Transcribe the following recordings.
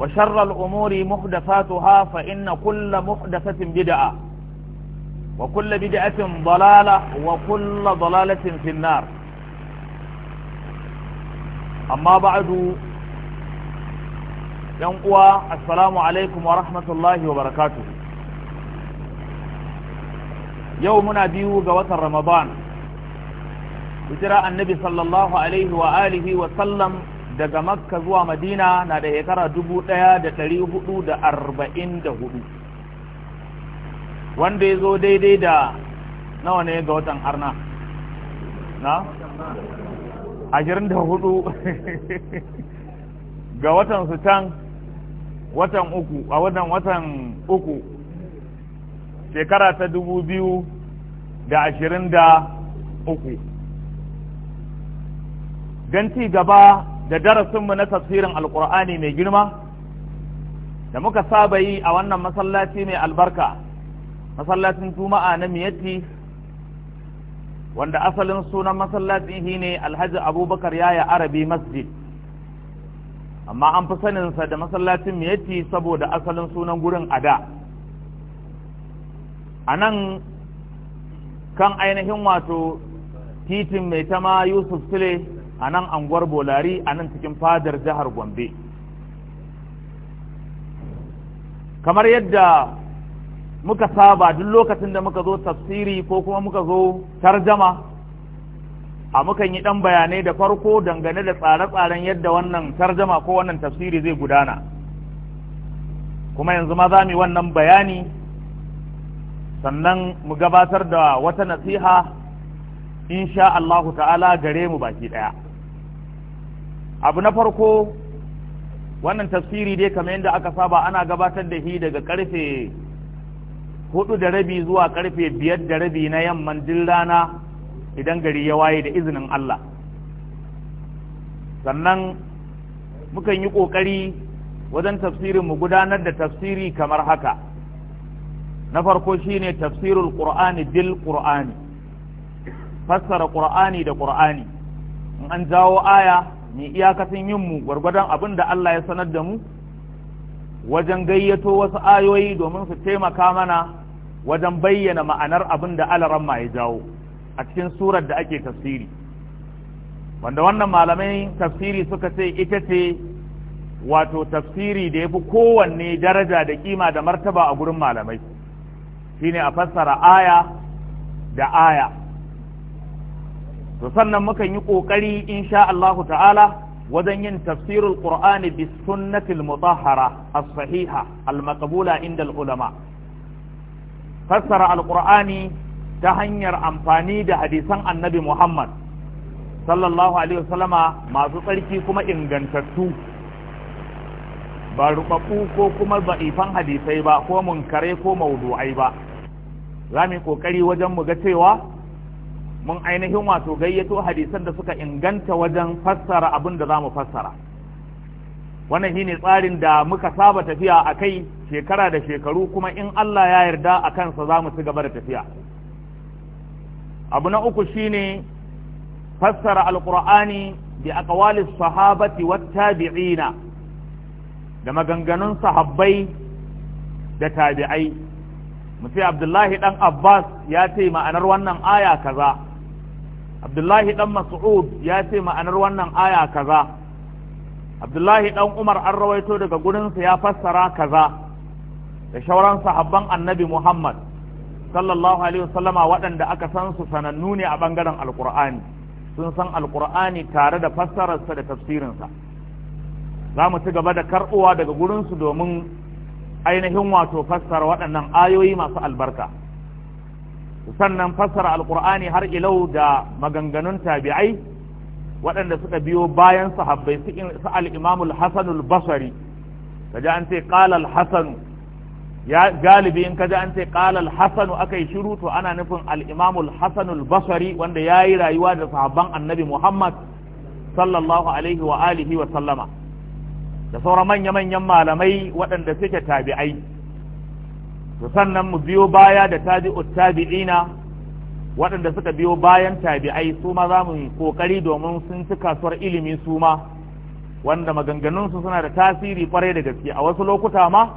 وشر الأمور محدثاتها فإن كل محدثة بدعة وكل بدعة ضلالة وكل ضلالة في النار أما بعد ينقوى السلام عليكم ورحمة الله وبركاته يومنا بيو جوات رمضان وترى النبي صلى الله عليه وآله وسلم daga makka zuwa madina na da shekara hudu wanda ya zo daidai da nawa ne ga watan arna na? da hudu ga watan su can watan uku a watan watan uku shekara ta dubu biyu da ashirin da uku don ci gaba da darasinmu na tafsirin alkur'ani mai girma da muka saba yi a wannan masallaci mai albarka masallacin juma'a na miyatti wanda asalin sunan masallaci shi ne alhaji abubakar yaya arabi masjid amma an fi saninsa da masallacin miyatti saboda asalin sunan gurin ada a nan kan ainihin wato titin mai tama yusuf sule a nan anguwar bolari a nan cikin fadar jihar gombe kamar yadda muka saba duk lokacin da muka zo tafsiri ko kuma muka zo tarjama a mukan yi ɗan bayanai da farko dangane da tsare-tsaren yadda wannan tarjama ko wannan tafsiri zai gudana kuma yanzu ma za mu yi wannan bayani sannan mu gabatar da wata nasiha insha Allahu ta'ala gare mu baki ɗaya abu na farko wannan tafsiri dai kamar yadda aka saba ana gabatar da shi daga karfe hudu da rabi zuwa karfe biyar da rabi na yamman din rana idan gari ya waye da izinin Allah sannan mukan yi ƙoƙari wajen tafsirin mu gudanar da tafsiri kamar haka na farko shine tafsirul qur'ani bil qur'ani fassara qur'ani da qur'ani in an jawo aya ni iyakacin yin mu gwargwadon abin da Allah ya sanar da mu wajen gayyato wasu ayoyi domin su taimaka mana wajen bayyana ma'anar abin da alaramma ya jawo a cikin surar da ake tafsiri wanda wannan malamai tafsiri suka ce ita ce wato tafsiri da ya fi kowanne daraja da kima da martaba a gurin malamai shine a fassara aya da aya sannan mukan yi ƙoƙari insha Allahu ta'ala wajen yin tafsirul ƙur'ani bis sunnatil mutahhara as-sahiha al-maqbula inda ulama fassara al-qur'ani ta hanyar amfani da hadisan annabi Muhammad sallallahu alaihi wasallama masu tsarki kuma ingantattu ba rubabbu ko kuma ba'ifan hadisai ba ko munkare ko maudu'ai ba za mu yi wajen mu ga cewa mun ainihin wato gayyato hadisan da suka inganta wajen fassara abin da za mu fassara wannan shine tsarin da muka saba tafiya a kai shekara da shekaru kuma in Allah ya yarda a kansa za mu ci gaba da tafiya abu na uku shine fassara alkur'ani bi aqwali sahabati wat tabi'ina da maganganun sahabbai da tabi'ai mutai abdullahi dan abbas ya ce ma'anar wannan aya kaza abdullahi dan mas'ud ya ce ma'anar wannan aya kaza abdullahi dan umar an rawaito daga gurinsa ya fassara kaza da shauran sahabban annabi muhammad sallallahu alaihi wasallama waɗanda aka san su sanannu ne a bangaren alkur'ani sun san alkur'ani tare da fassararsa da tafsirinsa za mu ci gaba da karɓuwa daga gurinsu domin ainihin wato fassara waɗannan ayoyi masu albarka sannan fassara alkur'ani har ilau da maganganun tabi'ai waɗanda suka biyo bayan sahabbai su al'imamul hasanul basari kaji an ce ƙalal hasanu ya galibi in kaji an ce ƙalal hasanu aka yi shiru to ana nufin al'imamul hasanul basari wanda ya yi rayuwa da sahabban annabi muhammad sallallahu alaihi wa alihi wa sallama da sauran manya-manyan malamai waɗanda suke tabi'ai to sannan mu biyo baya da tabi'ut tabi'ina waɗanda suka biyo bayan tabi'ai su ma za mu yi kokari domin sun ci kasuwar ilimi su ma wanda maganganunsu suna da tasiri kwarai da gaske a wasu lokuta ma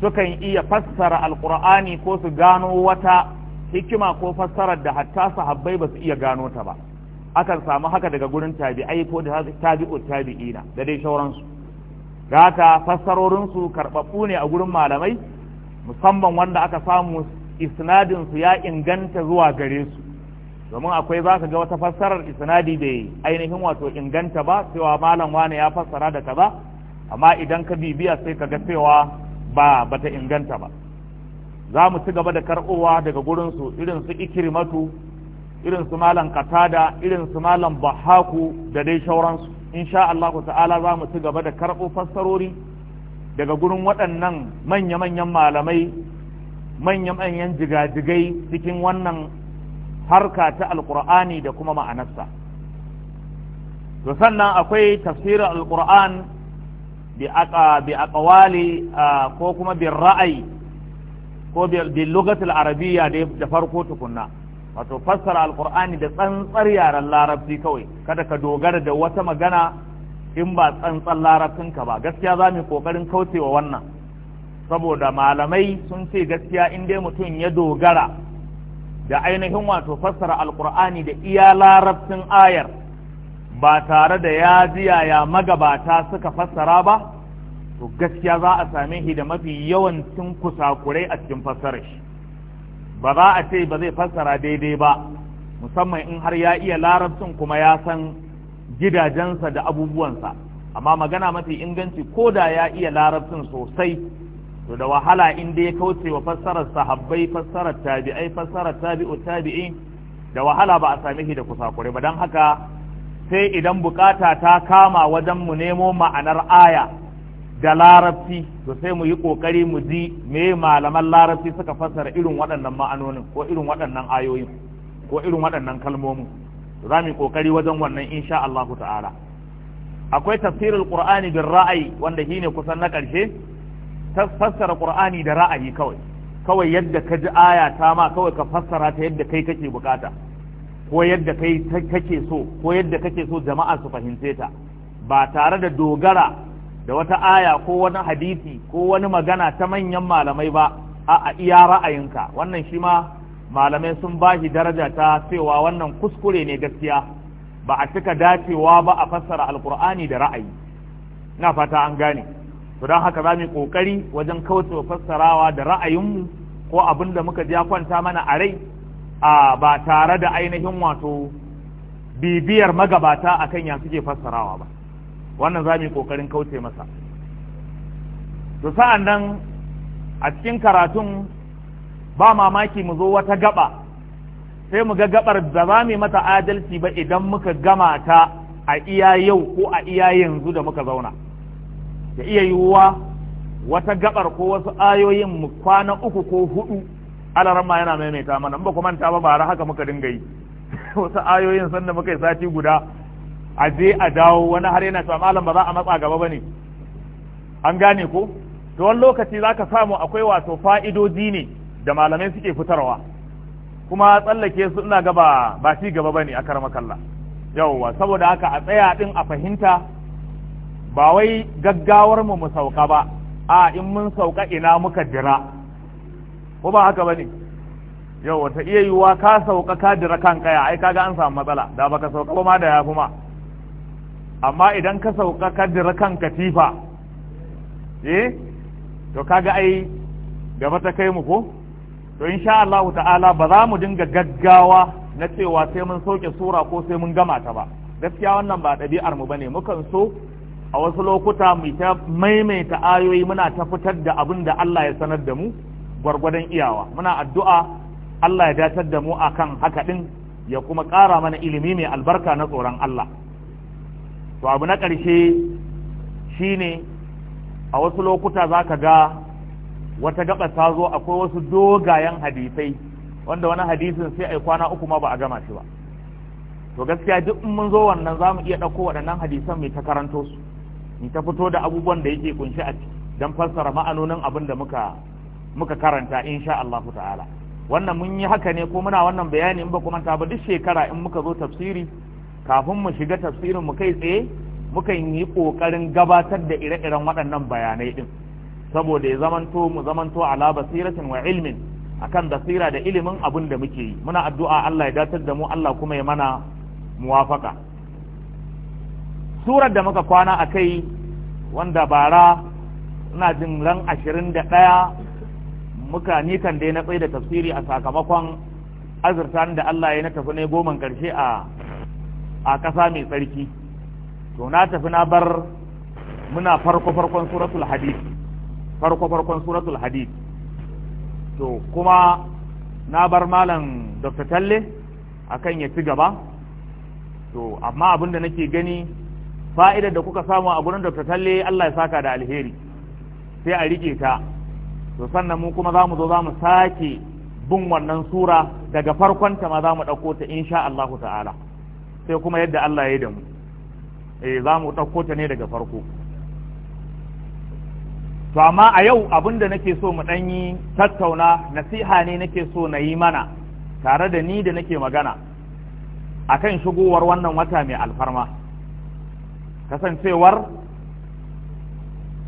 sukan iya fassara alkur'ani ko su gano wata hikima ko fassarar da hatta sahabbai ba su iya gano ta ba akan samu haka daga gurin tabi'ai ko da tabi'u tabi'ina da dai sauransu gata fassarorinsu karɓaɓɓu ne a gurin malamai musamman wanda aka samu isnadin su ya inganta zuwa gare su domin akwai za ka ga wata fassarar isnadi bai ainihin wato inganta ba cewa malam wane ya fassara da kaza amma idan ka bibiya sai ka ga cewa ba bata inganta ba za mu ci gaba da karɓowa daga gurinsu irin su ikirimatu irin su malam katada irin su malam bahaku da dai shauransu insha allahu ta'ala za mu ci gaba da karɓo fassarori daga gurin waɗannan manya-manyan malamai manya-manyan jigajigai cikin wannan harka ta alkur'ani da kuma ma'anarsa to sannan akwai tafsirin alkur'an bi aqwali ko kuma bi ra'ayi ko bi lugatul arabiyya da farko tukunna wato fassara alkur'ani da tsantsar yaren larabci kawai kada ka dogara da wata magana in ba tsantsan ka ba gaskiya za mu kokarin kaucewa wannan saboda malamai sun ce gaskiya in dai mutum ya dogara da ainihin wato fassara alkur'ani da iya larabcin ayar ba tare da ya ji yaya magabata suka fassara ba to gaskiya za a same shi da mafi yawancin kusakurai a cikin fassarar shi ba za a ce ba zai fassara daidai ba musamman in har ya iya larabcin kuma ya san gidajensa da abubuwansa amma magana mafi inganci ko da ya iya larabcin sosai to da wahala inda ya kauce wa fassarar sahabbai fassarar tabi'ai fassarar tabi'u tabi'in da wahala ba a sami shi da kusakure ba don haka sai idan bukata ta kama wajen mu nemo ma'anar aya da larabci to sai mu yi kokari mu ji me malaman larabci suka fassara irin waɗannan ma'anonin ko irin waɗannan ayoyin ko irin waɗannan kalmomin za mu yi kokari wajen wannan insha allahu ta'ala akwai tafsirul qur'ani bil ra'ayi wanda shine kusan na karshe fassara qur'ani da ra'ayi kawai kawai yadda ka ji aya ta ma kawai ka fassara ta yadda kai kake bukata ko yadda kai kake so ko yadda kake so jama'a su fahimce ta ba tare da dogara da wata aya ko wani hadisi ko wani magana ta manyan malamai ba a'a iya ra'ayinka wannan shi ma malamai sun ba shi daraja ta cewa wannan kuskure ne gaskiya ba a cika dacewa ba a fassara alkur'ani da ra'ayi na fata an gane to don haka za mu kokari wajen kauce fassarawa da ra'ayinmu ko abin da muka ji ya kwanta mana a rai a ba tare da ainihin wato bibiyar magabata akan ya suke fassarawa ba wannan za mu yi kokarin kauce masa to sa'an nan a cikin karatun ba mamaki mu zo wata gaba sai mu ga gabar da za mu mata adalci ba idan muka gama ta a iya yau ko a iya yanzu da muka zauna da iya yiwuwa wata gabar ko wasu ayoyin mu kwana uku ko hudu alarama yana maimaita mana ba kuma manta ba bara haka muka dinga yi wasu ayoyin sanda muka yi sati guda a je a dawo wani har yana cewa malam ba za a matsa gaba bane an gane ko to wani lokaci zaka samu akwai wato fa'idoji ne da malamai suke fitarwa kuma tsallake su ina gaba ba ci gaba bane a karmakalla yawwa saboda haka a tsaya din a fahimta ba wai gaggawar mu mu sauka ba a in mun sauka ina muka jira ko ba haka bane yawwa ta iya yiwuwa ka sauka ka jira kan kaya ai kaga an samu matsala da baka sauka ba ma da yafi ma amma idan ka sauka ka jira kan katifa eh to kaga ai gaba ta kai mu ko to insha Allah ta'ala ba za mu dinga gaggawa na cewa sai mun soke sura ko sai mun gama ta ba gaskiya wannan ba ɗabi'ar mu bane mukan so a wasu lokuta mu ta maimaita ayoyi muna ta fitar da abin da Allah ya sanar da mu gwargwadon iyawa muna addu'a Allah ya datar da mu akan haka din ya kuma ƙara mana ilimi mai albarka na tsoron Allah to abu na ƙarshe shine a wasu lokuta za ka ga wata gaba ta zo akwai wasu dogayen hadisai wanda wani hadisin sai ai kwana uku ma ba a gama shi ba to gaskiya duk in mun zo wannan za mu iya ɗauko waɗannan hadisan mai ta karanto su ta fito da abubuwan da yake kunshi a ciki don fassara ma'anonin abin da muka muka karanta insha Allah ta'ala wannan mun yi haka ne ko muna wannan bayani in ba kuma ta ba duk shekara in muka zo tafsiri kafin mu shiga tafsirin mu kai tsaye mukan yi kokarin gabatar da ire-iren waɗannan bayanai din saboda ya zamanto mu zamanto ala basiratin wa ilmin akan basira da ilimin abun da muke yi muna addu'a Allah ya datar da mu Allah kuma ya mana muwafaka surar da muka kwana a kai wanda bara ina jin ran ashirin da ɗaya muka dai na tsaye da tafsiri a sakamakon azurtan da Allah ya na tafi ne goman karshe a a ƙasa mai tsarki to na tafi na bar muna farko farkon suratul hadisi farko farkon suratul hadid to kuma na bar malam dr talle akan ya ci gaba to amma abinda nake gani fa'idar da kuka samu a gurin dr talle Allah ya saka da alheri sai a rike ta to sannan mu kuma za mu zo za mu sake bin wannan sura daga farkon ta ma za mu ɗauko ta insha Allah ta'ala sai kuma yadda Allah ya yi da mu eh za mu ɗauko ta ne daga farko to amma a yau abin da nake so mu ɗanyi tattauna nasiha ne nake so na yi mana tare da ni da nake magana a kan shigowar wannan wata mai alfarma kasancewar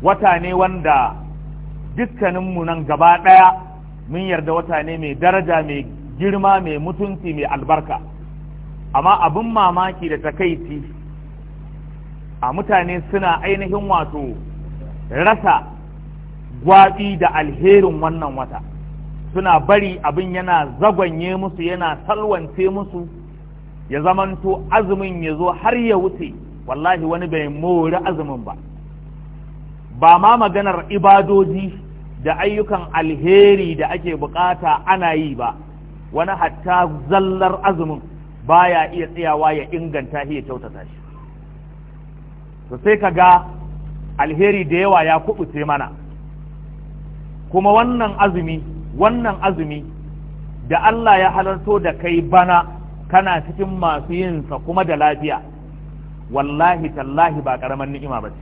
wata ne wanda dukkaninmu nan gaba ɗaya mun yarda wata ne mai daraja mai girma mai mutunci mai albarka amma abin mamaki da takaici a mutane suna ainihin wato rasa gwaɗi da alherin wannan wata suna bari abin yana zagwanye musu yana salwance musu ya zamanto azumin ya zo har ya wuce wallahi wani bai mori azumin ba ba ma maganar ibadoji da ayyukan alheri da ake bukata ana yi ba wani hatta zallar azumin baya iya tsayawa ya inganta shi ya kyautata shi to sai ka ga alheri da yawa ya kubuce mana kuma wannan azumi wannan azumi da Allah ya halarto da kai bana kana cikin masu yinsa kuma da lafiya wallahi tallahi ba karamar ni'ima ba ce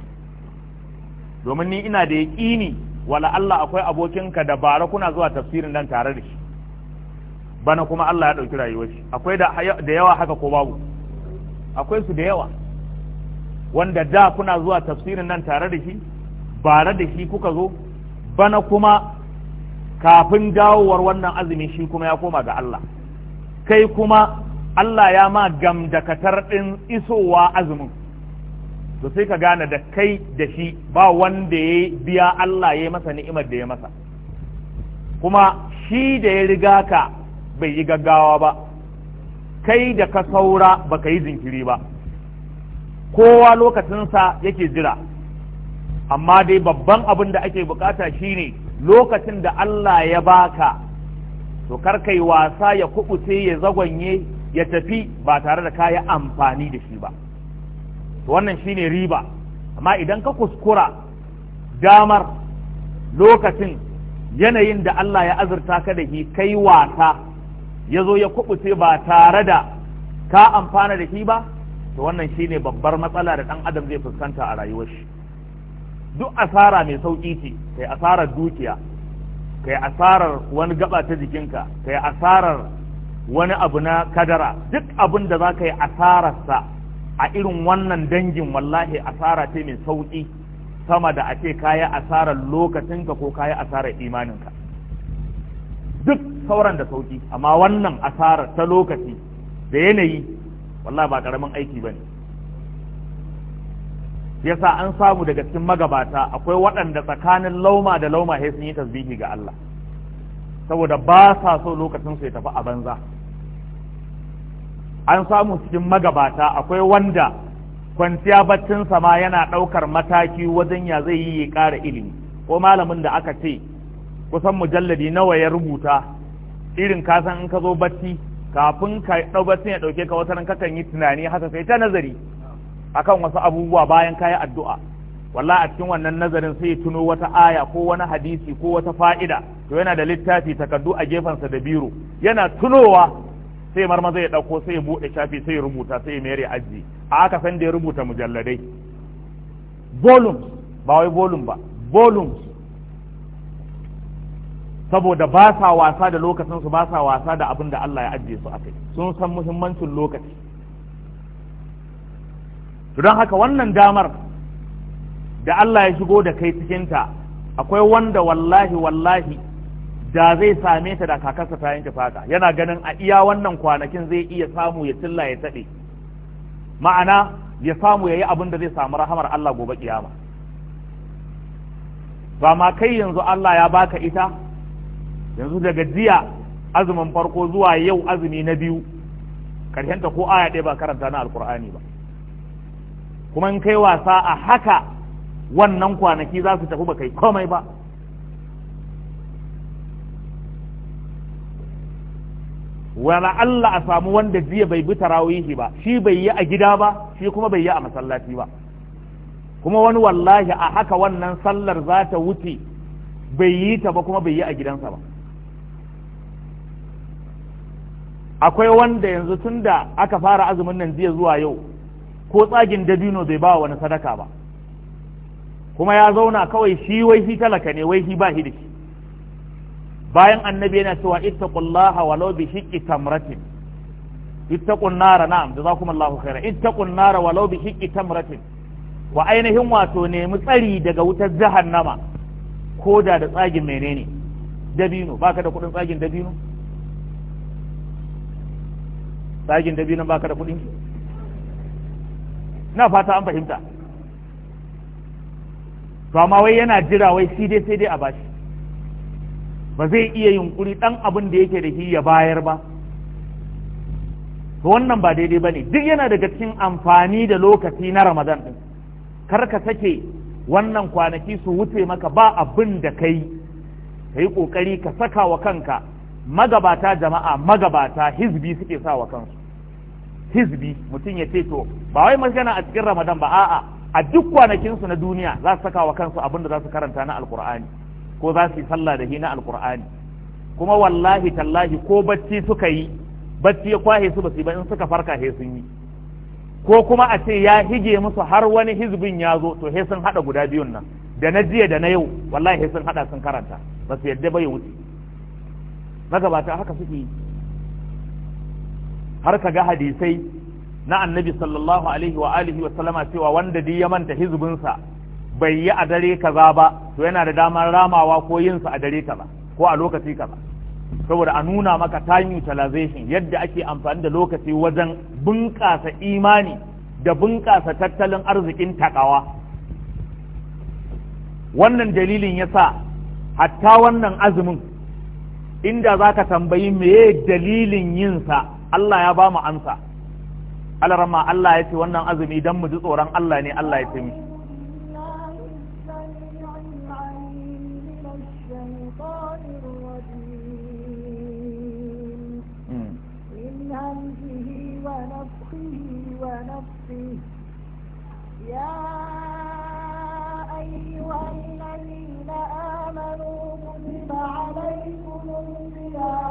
domin ni ina da yaƙini wala Allah akwai abokinka da bara kuna zuwa tafsirin nan tare da shi bana kuma Allah ya ɗauki rayuwar shi akwai da yawa haka ko babu akwai su da yawa wanda da kuna zuwa tafsirin nan tare da shi bara da shi kuka zo bana kuma kafin dawowar wannan azumi shi kuma ya koma ga Allah kai kuma Allah ya ma gamdakatar ɗin isowa azumin to sai ka gane da kai da shi ba wanda ya biya Allah ya masa ni'imar da ya masa kuma shi da ya riga ka bai yi gaggawa ba kai da ka saura baka yi zinkiri ba kowa lokacinsa yake jira amma dai babban abin da ake bukata shine lokacin da Allah ya baka to kar kai wasa ya kubuce ya zagwanye ya tafi ba tare da kaya amfani da shi ba to wannan shine riba amma idan ka kuskura damar lokacin yanayin da Allah ya azurta ka da shi kai wasa ya zo ya kubuce ba tare da ka amfana da shi ba to wannan shine babbar matsala da dan adam zai fuskanta a rayuwar shi duk asara mai sauƙi ce kai asarar dukiya kai asarar wani gaba ta jikinka kai asarar wani abu na kadara duk abin da za ka yi asararsa a irin wannan dangin wallahi asara ce mai sauƙi sama da a ce kayi asarar lokacinka ko kayi asarar imaninka duk sauran da sauƙi amma wannan asarar ta lokaci da yanayi wallahi ba ƙaramin aiki ba ne yasa an samu daga cikin magabata akwai waɗanda tsakanin lauma da lauma sai sun yi tasbihi ga Allah saboda ba sa so lokacin su ya tafi a banza an samu cikin magabata akwai wanda kwanciya baccinsa ma yana ɗaukar mataki wajen ya zai yi ya ƙara ilimi ko malamin da aka ce kusan mujalladi nawa ya rubuta irin kasan in ka zo bacci kafin ka ɗau ya ɗauke ka wata kakan yi tunani haka sai ta nazari akan wasu abubuwa bayan kayi addu'a walla a cikin wannan nazarin sai tuno wata aya ko wani hadisi ko wata fa'ida to yana da littafi takardu a sa da biro yana tunowa sai marma zai dauko sai ya bude shafi sai ya rubuta sai ya mayar ya aji a aka san da ya rubuta mujalladai volumes ba wai volume ba volumes saboda ba sa wasa da lokacinsu ba sa wasa da abin da Allah ya ajiye su a sun san muhimmancin lokaci don haka wannan damar da Allah ya shigo da kai cikinta akwai wanda wallahi wallahi da zai same ta da kakarsa ta yanke fata yana ganin a iya wannan kwanakin zai iya samu ya tilla ya taɗe ma'ana ya samu ya yi abin da zai samu rahamar Allah gobe kiyama ba ma kai yanzu Allah ya baka ita yanzu daga jiya azumin farko zuwa yau azumi na biyu karshenta ko aya ɗaya ba karanta na alkur'ani ba kuma in kai wasa a haka wannan kwanaki za su tafi ba kai komai ba wala Allah a samu wanda jiya bai bi tarawihi ba shi bai yi a gida ba shi kuma bai yi a masallaci ba kuma wani wallahi a haka wannan sallar za ta wuce bai yi ta ba kuma bai yi a gidansa ba akwai wanda yanzu tun da aka fara azumin nan jiya zuwa yau ko tsagin dabino bai ba wani sadaka ba kuma ya zauna kawai shi wai shi talaka ne wai shi ba shi da shi bayan annabi yana cewa ittaqullaha walau bi shiqqi tamratin ittaqun nara na'am Allahu khaira ittaqun nara walau bi shiqqi tamratin wa ainihin wato nemi tsari daga wutar jahannama ko da da tsagin menene dabino baka da kudin tsagin dabino tsagin dabino baka da kudin na fata an fahimta to amma wai yana jira wai shi dai sai dai a bashi ba zai iya yunkuri dan abin da yake da shi ya bayar ba to wannan ba daidai ba ne duk yana daga cikin amfani da lokaci na ramadan din kar ka sake wannan kwanaki su wuce maka ba abin da kai ka yi ƙoƙari ka saka wa kanka magabata jama'a magabata hizbi suke sa wa kansu hizbi mutum ya ce to ba wai magana a cikin ramadan ba a'a a duk su na duniya za su saka wa kansu abin da za su karanta na alkur'ani ko za su yi sallah da hina alkur'ani kuma wallahi tallahi ko bacci suka yi bacci ya kwahe su ba su ba in suka farka he sun yi ko kuma a ce ya hige musu har wani hizbin ya zo to he sun hada guda biyun nan da na jiya da na yau wallahi he sun hada sun karanta ba su yadda ba ya wuce gabata haka suke yi har ka ga hadisai na annabi sallallahu alaihi wa alihi wa sallama cewa wanda duk ya manta hizbinsa bai yi a dare kaza ba to yana da damar ramawa ko yin sa a dare kaza ko a lokaci kaza saboda a nuna maka time utilization yadda ake amfani da lokaci wajen bunƙasa imani da bunƙasa tattalin arzikin takawa wannan dalilin yasa hatta wannan azumin inda zaka tambayi me dalilin yinsa Allah ya ba mu amsa alarma Allah ya ce wannan azumi dan mu ji tsoron Allah ne Allah ya ce mishi عليكم hmm.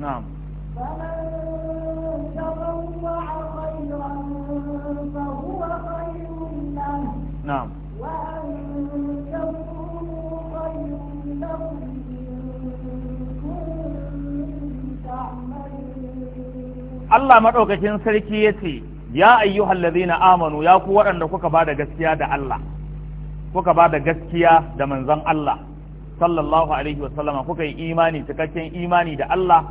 نعم فمن تطوع خيرا فهو خير له نعم وأن تكونوا Allah maɗaukakin sarki ya ce, Ya ayyuhal na amanu ya ku waɗanda kuka ba da gaskiya da Allah, kuka ba da gaskiya da manzon Allah, sallallahu Alaihi wasallama kuka yi imani, cikakken imani da Allah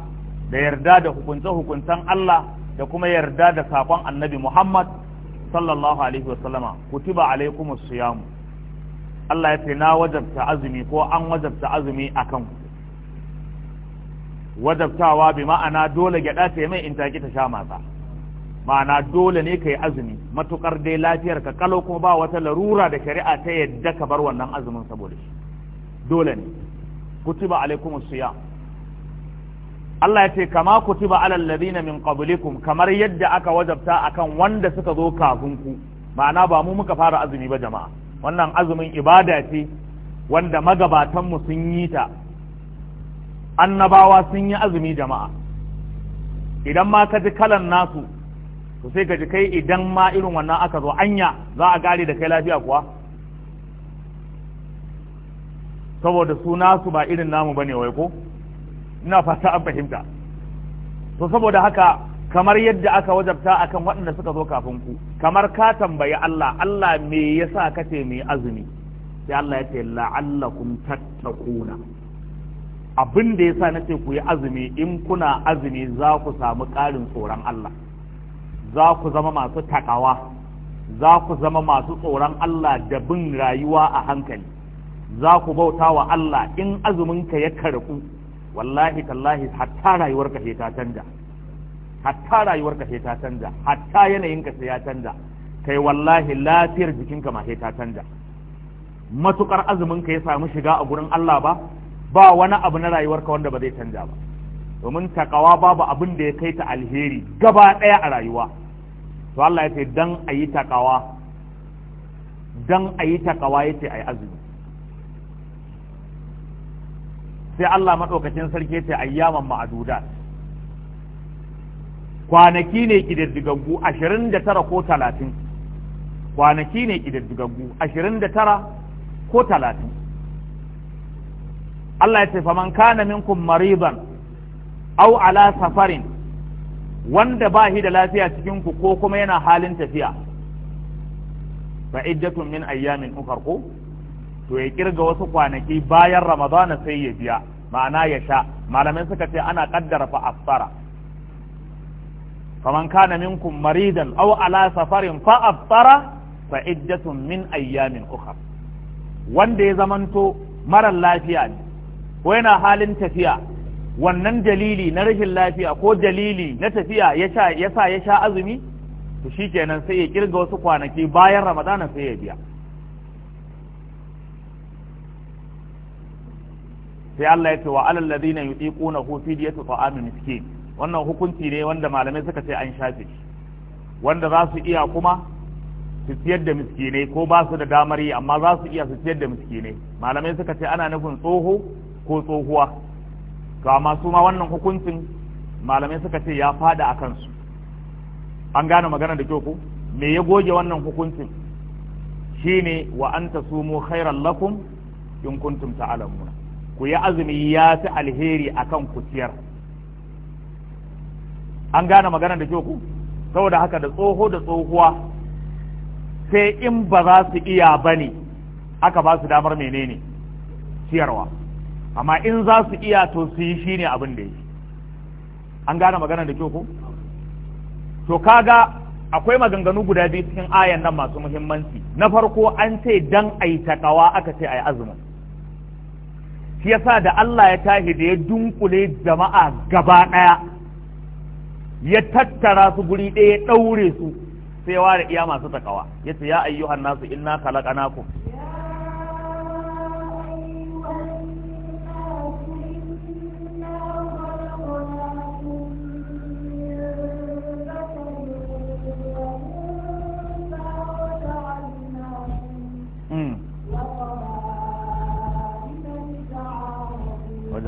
da yarda da hukunce-hukuncen Allah da kuma yarda da sakon annabi Muhammad sallallahu alaihi wasallama kutiba alaikumus siyamu Allah ya ce na wajabta azumi ko an wajabta azumi akan ku wajabtawa bi ma'ana dole gyada ta mai in taki ta sha mata ma'ana dole ne ka yi azumi matukar dai lafiyar ka kalau kuma ba wata larura da shari'a ta yadda ka bar wannan azumin saboda shi dole ne kutiba alaikumus siyam Allah ya ce kama kutiba alal ladina min qablikum kamar yadda aka wajabta akan wanda suka zo kafin ku ma'ana ba mu muka fara azumi ba jama'a wannan azumin ibada ce wanda magabatan mu sun yi ta annabawa sun yi azumi jama'a idan ma ka ji kalan nasu to sai ka ji kai idan ma irin wannan aka zo anya za a gare da kai lafiya kuwa saboda su nasu ba irin namu bane wai ko ina fata an fahimta to saboda haka kamar yadda aka wajabta akan waɗanda suka zo kafin ku kamar ka tambayi Allah Allah me yasa kace mai azumi sai Allah ya ce la'allakum tattaquna abin da yasa nace ku yi azumi in kuna azumi za ku samu ƙarin tsoron Allah za ku zama masu takawa za ku zama masu tsoron Allah da bin rayuwa a hankali za ku bauta wa Allah in azuminka ya karɓu. wallahi tallahi hatta rayuwar ka ta canja hatta rayuwar ka ta canja hatta yanayin ka sai ya canja kai wallahi lafiyar jikinka ma sai ta canja matukar azumin ya samu shiga a gurin Allah ba ba wani abu na rayuwarka wanda ba zai canja ba domin takawa babu abin da ya kai ta alheri gaba ɗaya a rayuwa to Allah ya ce dan ayi yi takawa dan ayi takawa yace ayi azumi sai Allah maɗaukacin sarki ce ayyaman ma'aduda kwanaki ne ƙididdigaggu ashirin da tara ko talatin kwanaki ne ƙididdigaggu ashirin da tara ko talatin Allah ya ce faman kana minkum mariban au ala safarin wanda ba shi da lafiya cikin ku ko kuma yana halin tafiya fa iddatun min ayyamin ukhra to ya kirga wasu kwanaki bayan ramadana sai ya biya ma'ana ya sha malamai suka ce ana kaddara fa afsara faman kana minkum maridan aw ala safarin fa afsara fa iddatun min ayyamin ukhra wanda ya zamanto marar lafiya ne ko yana halin tafiya wannan dalili na rashin lafiya ko dalili na tafiya ya sa ya sha azumi to shikenan sai ya kirga wasu kwanaki bayan ramadana sai ya biya sai Allah ya ce wa alal ladina yutiquna hu fidyatu ta'amin miskin wannan hukunci ne wanda malamai suka ce an shafe shi wanda za su iya kuma su siyar da miskinai ko ba su da damar yi amma za su iya su siyar da miskinai malamai suka ce ana nufin tsoho ko tsohuwa to amma su ma wannan hukuncin malamai suka ce ya fada a kansu an gane magana da kyau ko me ya goge wannan hukuncin shine wa anta sumu khairan lakum in kuntum ta'lamuna ku yi azumi ya fi alheri a kan ciyar an gane magana da ku saboda haka da tsoho da tsohuwa sai in ba za su iya ba ne aka ba su damar menene ciyarwa amma in za su iya to su yi shi ne abin da yi an gane magana da ku to kaga akwai maganganu guda biyu cikin ayan nan masu muhimmanci na farko an ce dan ai takawa aka ce yi azumin shi yasa da Allah ya tahi da ya dunkule jama'a gaba ɗaya ya tattara su guri ɗaya ya ɗaure su sai ware iya masu takawa ce ya ayyuhan nasu inna khalaqnakum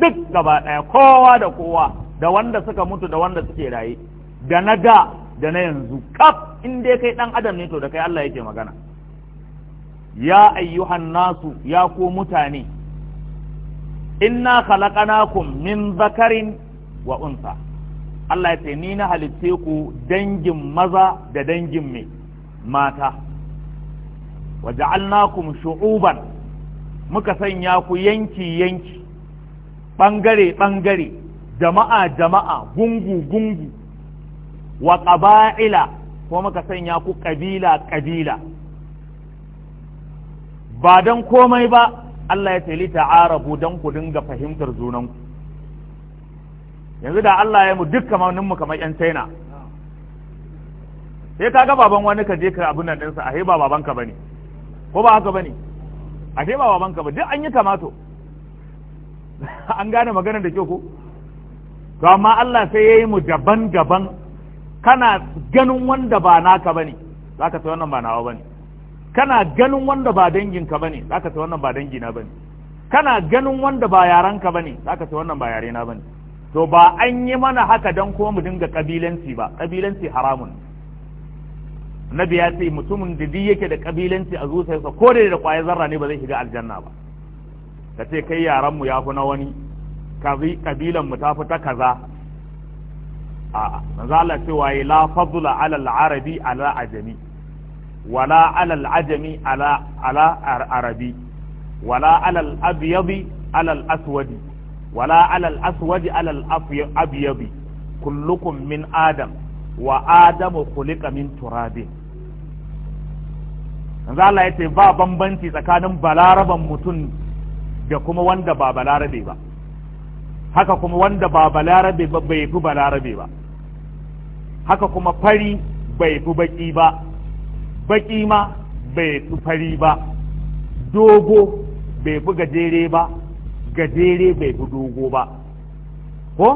duk gaba ɗaya kowa da kowa da wanda suka mutu da wanda suke raye da na da da na yanzu kaf in dai kai ɗan adam ne to da kai Allah yake magana ya ayyuhan nasu ya ku mutane inna khalaqnakum min zakarin wa unsa Allah ya ce ni na halitte ku dangin maza da dangin mai mata wa ja'alnakum shu'uban muka sanya ku yanki yanki ɓangare-ɓangare jama'a-jama'a gungu-gungu wa ƙaba'ila ko muka sanya ku ƙabila-ƙabila ba don komai ba Allah ya tali arabu don ku dinga fahimtar junanku yanzu da Allah ya mu duk kamaninmu kamar 'yan China sai kaga ga baban wani ka je ka abin nan ɗinsa a ba babanka ba ne ko ba haka ba ne a ba babanka ba duk an yi kamato an gane maganar da kyau ko to amma Allah sai ya yi mu daban-daban kana ganin wanda ba naka bane zaka ta wannan ba nawa bane kana ganin wanda ba danginka bane zaka ta wannan ba dangi na bane kana ganin wanda ba yaranka bane zaka ta wannan ba yarena bane to ba an yi mana haka dan ko mu dinga kabilanci ba kabilanci haramun nabi ya ce mutumin da duk yake da kabilanci a zuciyarsa ko da da kwaye zarra ne ba zai shiga aljanna ba ka ce kai yaran ya fi na wani kabilan mu ta fi ta kaza a manzo Allah cewa la fadla ala al-arabi ala ajami wala ala al ala arabi wala ala al-abyadi ala al-aswadi wala ala al-aswadi ala al-abyadi kullukum min adam wa adamu khuliqa min turabin manzo Allah ce ba bambanci tsakanin balaraban mutum da kuma wanda ba balarabe ba haka kuma wanda ba balarabe ba bai fi balarabe ba haka kuma fari bai fi baki ba baki ma bai fi fari ba dogo bai fi gajere ba gajere bai fi dogo ba ko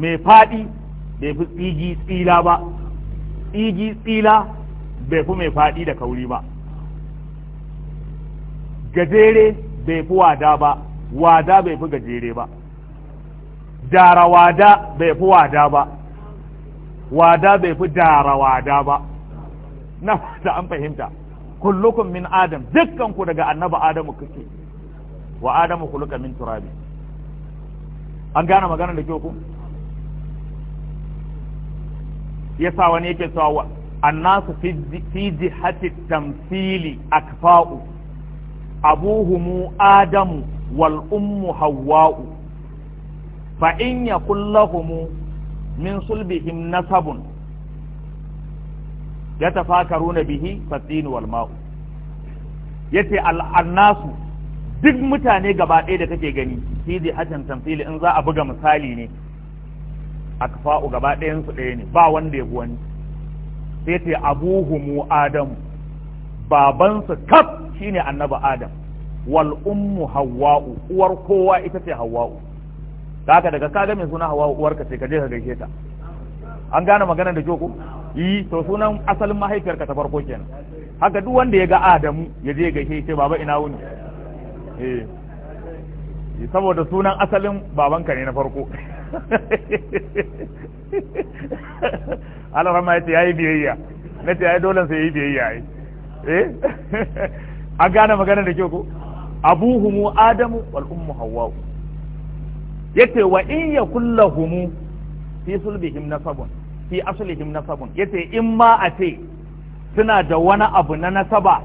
mai faɗi bai fi tsigi tsila ba tsigi tsila bai fi mai faɗi da kauri ba gajere bai fi wada ba wada bai fi gajere ba dara wada bai fi wada ba wada bai fi dara wada ba na fata an fahimta kullukum min adam dukkan ku daga annabi adamu kuke? wa adamu kulluka min turabi an gane magana da kyau ku yasa wani yake sawa annasu fi jihati tamthili akfa'u abuhumu adamu wal ummu hawwa'u fa in yakul lahum min sulbihim nasabun yatafakaruna bihi fatin wal ma'u yace al annasu duk mutane gaba ɗaya da kake gani shi zai hatan tamfili in za a buga misali ne a kafa'u gaba ɗayansu ɗaya ne ba wanda ya wani sai ce abuhumu adamu babansu kaf shine annabi adam wal ummu hawwa'u uwar kowa ita ce hawwa'u haka daga kaga mai suna uwar ka ce ka je ka gaishe ta an gane maganar da joko yi to sunan asalin mahaifiyar ka ta farko kenan haka duk wanda ya ga adamu ya je gaishe ce baba ina wuni eh saboda sunan asalin Baban ka ne na farko Allah rama ya ce yayi biyayya na ce yi dole sai yayi biyayya eh a gane magana da kyau ko abuhumu adamu wal ummu hawwa yace wa in yakul fi sulbihim nasabun fi aslihim nasabun yace in ma a ce suna da wani abu na nasaba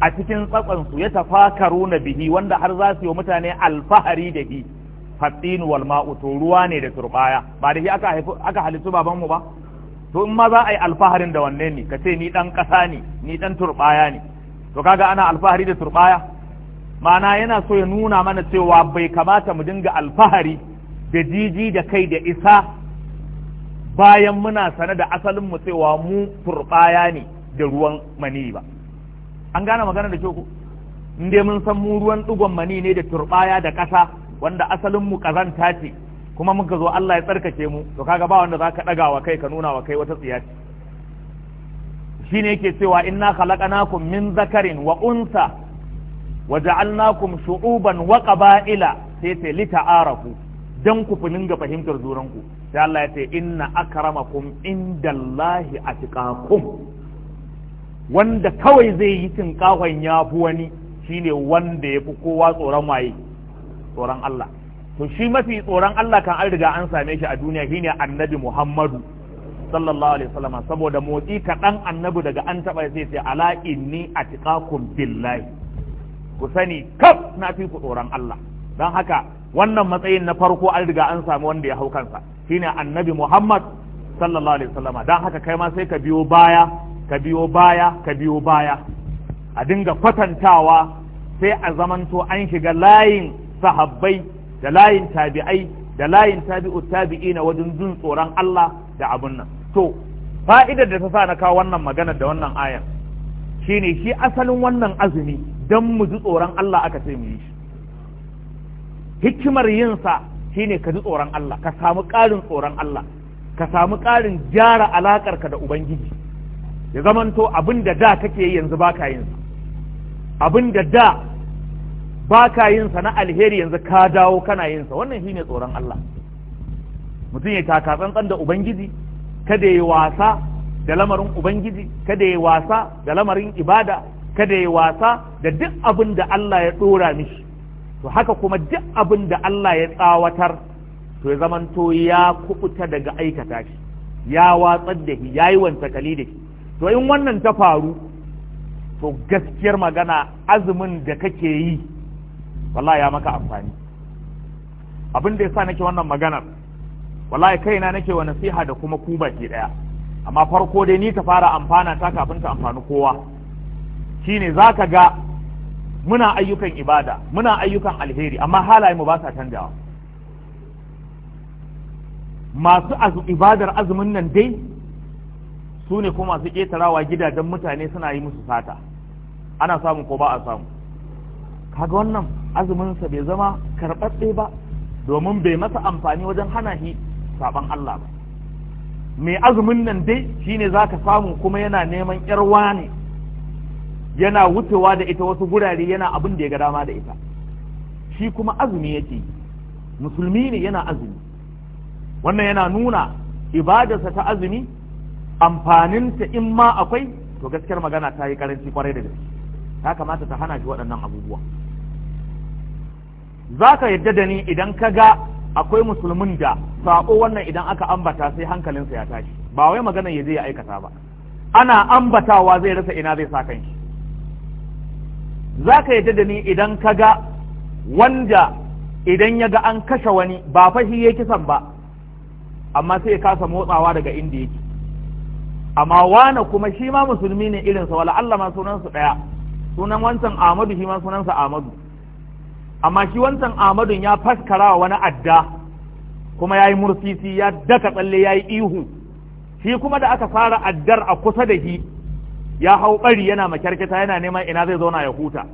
a cikin tsatsan su ya tafakaru na bihi wanda har za su yi mutane alfahari da bi. fatin wal ma'u to ruwa ne da turbaya ba da shi aka haifu aka halittu baban mu ba to in ma za a yi alfaharin da wanne ne ce ni dan kasa ne ni dan turbaya ne to kaga ana alfahari da turbaya ma'ana yana so ya nuna mana cewa bai kamata mu dinga alfahari da jiji da kai da isa bayan muna sane da asalin mu cewa mu turbaya ne da ruwan mani ba an gane magana da kyau in dai mun san mu ruwan dugon mani ne da turbaya da ƙasa wanda asalin mu kazanta ce kuma muka zo Allah ya tsarkake mu to kaga ba wanda zaka daga wa kai ka nuna wa kai wata tsiyaci shine yake cewa inna khalaqnakum min zakarin wa unsa wa ja'alnakum shu'uban wa qaba'ila sai ta lita'arafu dan ku funin ga fahimtar zuran ku sai Allah ya ce inna akramakum indallahi atqakum wanda kawai zai yi tinkahon ya fi wani shine wanda ya kowa tsoron waye tsoron Allah to shi mafi tsoron Allah kan an riga an same shi a duniya shine annabi Muhammadu sallallahu alaihi wasallam saboda motsi kaɗan annabi daga an taɓa sai sai ala inni atiqakum billahi ku sani kaf na fi ku tsoron Allah don haka wannan matsayin na farko an riga an samu wanda ya hau kansa shine annabi Muhammad sallallahu alaihi wasallam don haka kai ma sai ka biyo baya ka biyo baya ka biyo baya a dinga kwatantawa sai a zamanto an shiga layin sahabbai da layin tabi'ai da layin tabi'u tabi'ina wajen jin tsoron Allah da abun nan to fa'idar da ta sa na kawo wannan magana da wannan ayan shine shi asalin wannan azumi don mu ji tsoron Allah aka ce mu yi shi hikimar yinsa shine ka ji tsoron Allah ka samu ƙarin tsoron Allah ka samu ƙarin gyara alaƙarka da Ubangiji ya zamanto abin da da kake yanzu baka yin sa abin da da baka yin sa na alheri yanzu ka dawo kana yinsa, sa wannan shine tsoron Allah mutum ya taka tsantsan da Ubangiji kada ya wasa da lamarin ubangiji kada ya wasa da lamarin ibada kada ya wasa da duk abin da Allah ya dora mishi to haka kuma duk abin da Allah ya tsawatar to ya zamanto ya kubuta daga aikata shi ya watsar da shi ya yi wantakali da shi to in wannan ta faru to gaskiyar magana azumin da kake yi wallahi ya maka amfani abin da yasa nake wannan maganar wallahi kaina nake wa nasiha da kuma ku baki daya amma farko dai ni ta fara amfana ta kafin ta amfani kowa shine zaka ga muna ayyukan ibada muna ayyukan alheri amma halaye mu ba sa canjawa masu ibadar azumin nan dai su ne kuma masu gida gidajen mutane suna yi musu sata ana samu ko ba a samu kaga wannan azuminsa bai zama karɓaɓɓe ba domin bai masa amfani wajen hana shi saban Allah ba mai azumin nan dai shine zaka samu kuma yana neman yarwa ne yana wucewa da ita wasu gurare yana abin da ya ga dama da ita shi kuma azumi yake musulmi ne yana azumi wannan yana nuna ibadarsa ta azumi amfaninta in ma akwai to gaskiyar magana ta yi karanci kwarai da gaske ta kamata ta hana shi waɗannan abubuwa za ka yadda da ni idan ka ga akwai musulmin da sako wannan idan aka ambata sai hankalinsa ya tashi ba wai magana ya je ya aikata ba ana ambatawa zai rasa ina zai sa kanshi za ka yi da ni idan ka ga wanda idan ya ga an kashe wani ba fashi ya kisan ba amma sai ya kasa motsawa daga inda yake amma wane kuma shi ma musulmi ne irinsa wala Allah ma sunansu ɗaya sunan wancan Ahmadu shi ma sunansa Amadu. amma shi wancan Amadun ya faskara wa wani adda kuma yayi mursisi ya daka tsalle yayi ihu shi kuma da aka fara addar a kusa da shi ya hau bari yana makyarkita yana neman ina zai zauna ya huta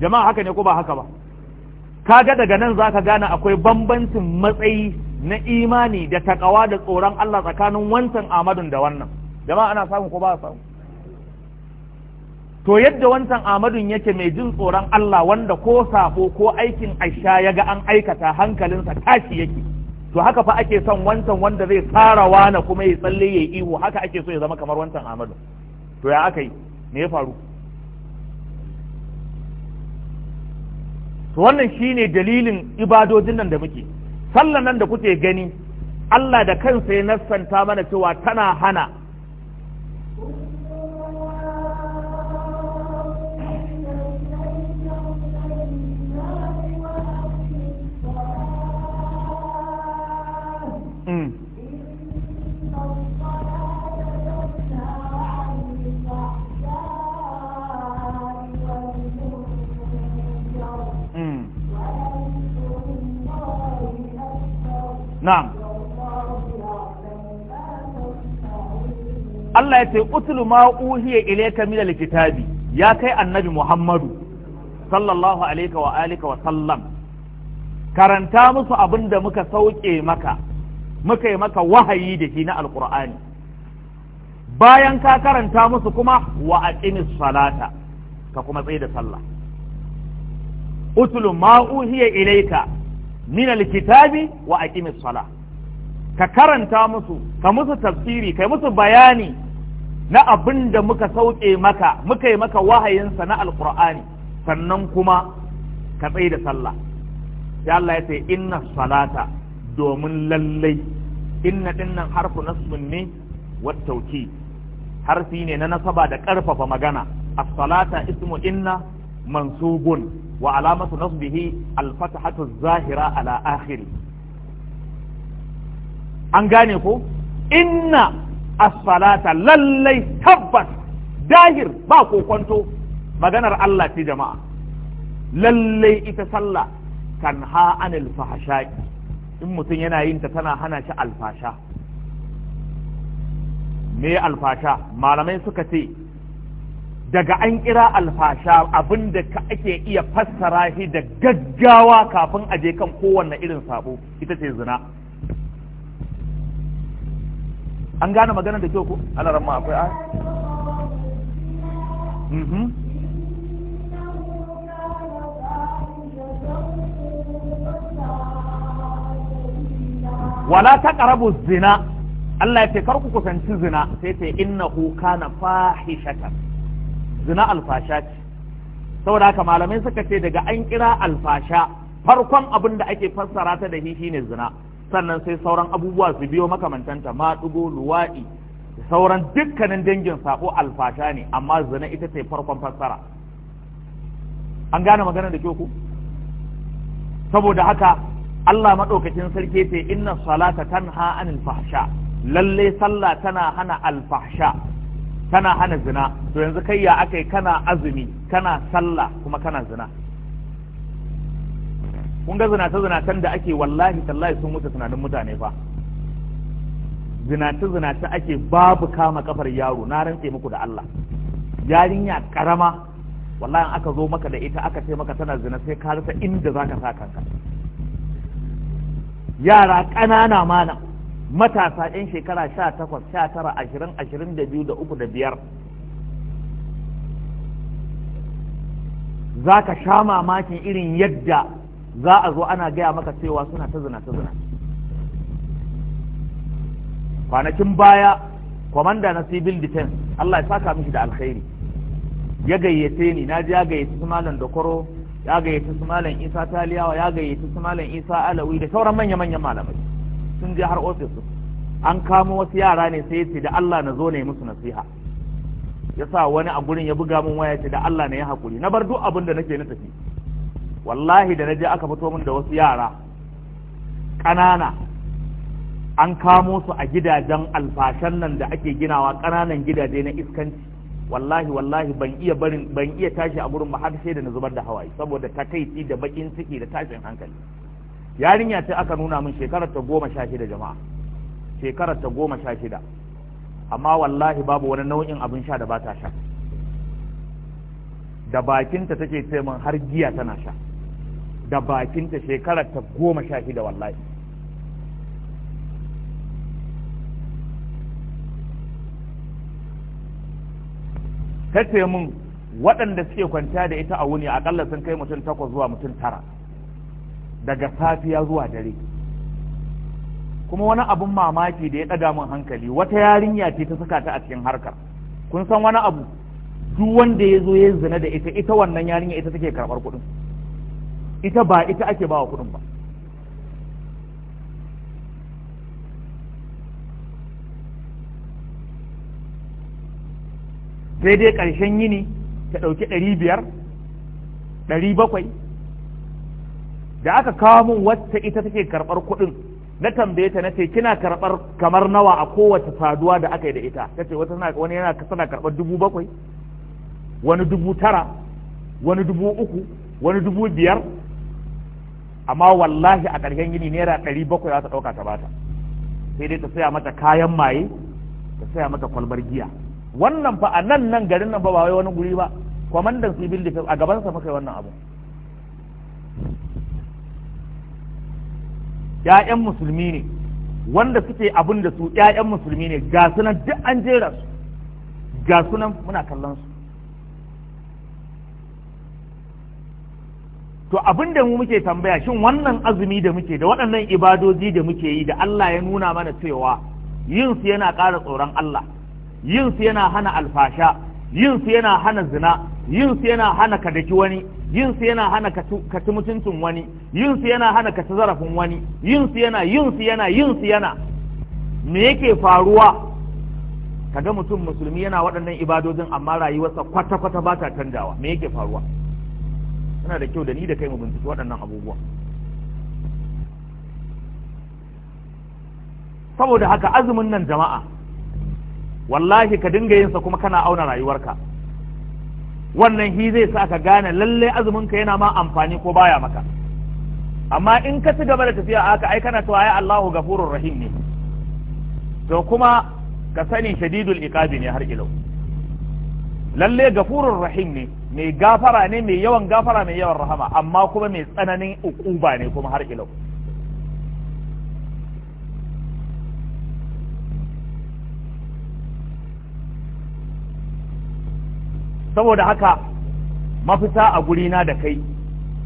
jama'a haka ne ko ba haka ba kaga daga nan zaka gane akwai bambancin matsayi na imani da takawa da tsoron Allah tsakanin wancan Ahmadun da wannan jama'a ana samu ko ba samu to yadda wancan amadun yake mai jin tsoron Allah wanda ko sabo ko aikin aisha ya ga an aikata hankalinsa tashi yake to haka fa ake son wancan wanda zai tsara wana kuma ya tsalle ya ihu haka ake so ya zama kamar wancan amadun to ya aka yi me ya faru to wannan shine dalilin ibadojin nan da muke sallan nan da kuke gani Allah da kansa ya nassanta mana cewa tana hana Allah ya ce utlu ma uhiya ilayka min alkitabi ya kai annabi Muhammadu sallallahu alaihi wa alihi wa sallam karanta musu abinda muka sauke maka muka yi maka wahayi da shi na alqur'ani bayan ka karanta musu kuma wa aqimis salata ka kuma tsaye da sallah utlu ma uhiya ilayka min alkitabi wa aqimis salah ka karanta musu ka musu tafsiri kai musu bayani na abin da muka sauke maka muka yi maka wahayinsa na alkur'ani sannan kuma ka tsaye da sallah sai Allah ya ce inna salata domin lallai inna dinnan harfu nasbun ne wa tauki harfi ne na nasaba da karfafa magana as-salata ismu inna mansubun wa alamatu nasbihi al-fathatu zahira ala akhiri an gane ko inna as-salata lallai tabbas dahir ba ko kwanto maganar Allah ce jama'a lallai ita sallah tanha anil fahasha'i in mutum yana yin ta tana hana shi alfasha me alfasha malamai suka ce daga an kira alfasha abinda ka ake iya fassara shi da gaggawa kafin a je kan kowanne irin sabo ita ce zina an gane magana da kyau ko Ana ma akwai aya mm-hmm. wala wala karabu zina Allah ya ce kar ku kusanci zina sai ta innahu kana fahishatan zina alfasha ce saboda haka malamai suka ce daga an kira alfasha farkon abin da ake fassara ta da shi shine zina sannan sai sauran abubuwa su biyo makamantanta maɗugo luwaɗi sauran dukkanin dangin sako alfasha ne amma zina ita ce farkon fassara an gane magana da kyau ku saboda haka Allah maɗaukakin sarki ce inna salata tanha anil fahsha lalle sallah tana hana alfahsha tana hana zina to yanzu kai ya akai kana azumi kana sallah kuma kana zina kun ga zinata-zinatan da ake wallahi tallahi sun wuce tunanin mutane fa zinata zinace ake babu kama kafar yaro na rantse muku da Allah yarinya karama wallahi aka zo maka da ita aka ce maka tana zina sai ka rasa inda zaka sa kanka yara ƙanana mana matasa ɗin shekara sha takwas sha tara ashirin ashirin da biyu da uku da biyar za ka sha mamakin irin yadda za a zo ana gaya maka cewa suna ta zina ta zina kwanakin baya kwamanda na civil defense Allah ya saka mishi da alkhairi ya gayyace ni na ji ya gayyace su malam dokoro ya gayyace su malam isa taliyawa ya gayyace su malam isa alawi da sauran manya-manyan malamai sun je har ofis an kamo wasu yara ne sai ce da Allah na zo ne musu nasiha yasa wani a gurin ya buga min waya ce da Allah ne ya hakuri na bar duk abin da nake na tafi wallahi da naje aka fito min da wasu yara ƙanana an kamo su a gidajen alfashan nan da ake ginawa ƙananan gidaje na iskanci wallahi wallahi ban iya barin ban iya tashi a gurin har sai da na zubar da hawaye saboda takaici da bakin ciki da tashin hankali yarinya ta aka nuna min shekarar ta goma sha shida jama'a shekarar ta goma sha shida amma wallahi babu wani nau'in abin sha da ba ta sha da bakinta take ce min har giya tana sha da bakinta shekarar ta goma sha shida wallahi ta ce mun waɗanda suke kwanta da ita a wuni aƙalla sun kai mutum takwas zuwa mutum tara daga safiya zuwa dare kuma wani abun mamaki da ya ɗaga min hankali wata yarinya ce ta saka ta a cikin harkar kun san wani abu duk wanda ya zo ya zina da ita ita wannan yarinya ita take karɓar kuɗin ita ba ita ake ba wa kudin ba sai dai ƙarshen yini ta ɗauki ɗari biyar ɗari bakwai da aka kawo min wacce ita take karɓar kuɗin na tambaye ta na ce kina karɓar kamar nawa a kowace saduwa da aka yi da ita ta ce wani yana kasana karɓar dubu bakwai wani dubu tara wani dubu uku wani dubu biyar amma wallahi a ƙarshen gini naira ɗari bakwai za ta ɗauka ta bata sai dai ta saya mata kayan maye ta saya mata kwalbar giya wannan fa a nan nan garin nan ba wai wani guri ba kwamandan civil defense a sa muka yi wannan abu ‘ya'yan musulmi ne wanda suke abin da su ‘ya'yan musulmi ne ga sunan duk an jera su ga sunan muna kallon su to abin da mu muke tambaya shin wannan azumi da muke da waɗannan ibadoji da muke yi da Allah ya nuna mana cewa yin su yana ƙara tsoron Allah yin su yana hana alfasha yin su yana hana zina yin su yana hana ka daki wani yin su yana hana ka ci mutuncin wani yin su yana hana ka ci zarafin wani yin su yana yin su yana yin su yana me yake faruwa kaga mutum musulmi yana waɗannan ibadojin amma rayuwarsa kwata-kwata ba ta canjawa me yake faruwa suna da kyau da ni da kai mu binciki waɗannan abubuwa saboda haka azumin nan jama'a wallahi ka dinga yinsa kuma kana auna rayuwarka wannan hi zai sa ka gane lalle ka yana ma amfani ko baya maka amma in ka ci gaba da tafiya haka ai kana cewa ya Allahu gafurur rahim ne to kuma ka sani shadidul iqabi ne har ilau lalle gafurur rahim ne mai gafara ne mai yawan gafara mai yawan rahama amma kuma mai tsananin ukuba ne kuma har ilau saboda haka mafita a gurina da kai